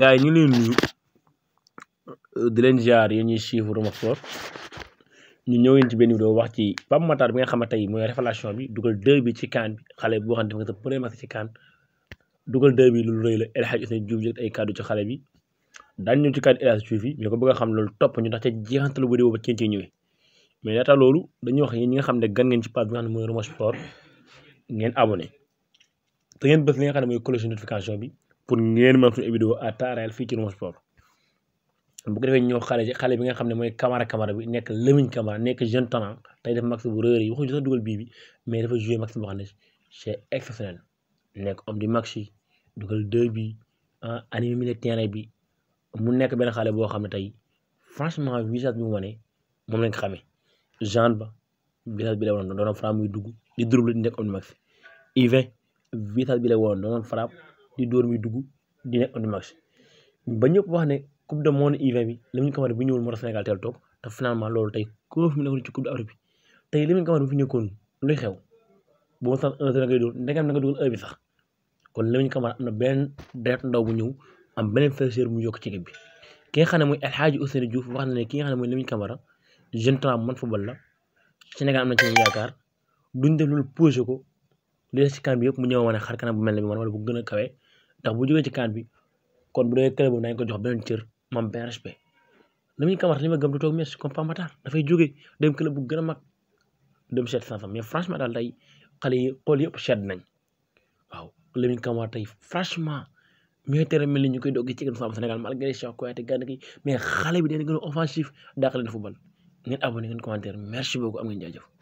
gars yi ñu leen nuyu di leen jaar yéen ñuy suivre Sport ñu ñëw leen ci benn vidéo wax ci Pape Matar bi nga xam ne tey mooy révélation bi dugal deux bi ci CAN bi xale boo xam ne def nga sa premier match ci CAN dugal deux bi lu rëy ay kàddu ci xale bi daañu ñëw ci kàddu El ko bëgg a xam loolu topp ñu ndax ca jeexantalu bu dee ba ñëwee mais laata loolu dañuy wax yéen ñi nga xam ne gan ngeen ci page bi nga xam ne mooy Roma Sport ngeen abonné te ngeen bës li nga xam ne mooy cloche notification bi pour ngeen mën a suñu vidéo à tarel fi ci no Sport bu ko defé ñoo xale ji xale bi nga xamné moy Camara Camara bi nek lemiñ Camara nek jeune talent tay def max bu reur yi waxu sax dugal bi bi mais dafa jouer max bu xamné ne c'est exceptionnel nek homme du match yi dugal deux bi ah animé milieu terrain bi mu nek ben xale bo xamné tay franchement visage bi mu wane moom lañ ko xamee genre ba visage bi la won do na fram muy dugg di dribble nek homme du match Yvain visage bi la won do na frappe. di dóor muy dugg di nekk on match ba ñëpp wax ne coupe du monde u bi Lamine Camara bu ñëwul moo tax Sénégal teel toog te finalement loolu tey koo fi mu nekkoon ci coupe ma na nga bi sax kon Lamine Camara am na benn deret ndaw bu ñëw am beneen fraîcheur bu yokk ci équipe bi ki nga xam ne mooy El Hadji Ousseynou Diouf wax ki nga xam ne mooy Lamine Camara jeune talent man football la Sénégal na ci moom yaakaar duñ ko mu ñëw xar kanam bu mel ne bi man wala bu gën kawe ndax bu jógee ci kaan bi kon bu dee club boobu nañ ko jox beneen cër mam benn respect Lamine Camara li ma gëm du toog Metz comme Pape Matar dafay jóge dem club bu gën a mag dem seet sans mais franchement daal tey xale yi xool yëpp sedd nañ waaw Lamine Camara tey franchement mieux terrain mel ni ñu koy doggi ci gën fam Sénégal malgré Cheikh Kouyaté gànn ki mais xale bi dañu gën a offensif dàq leen football ngeen abonné ngeen commentaire merci beaucoup am ngeen jaajëf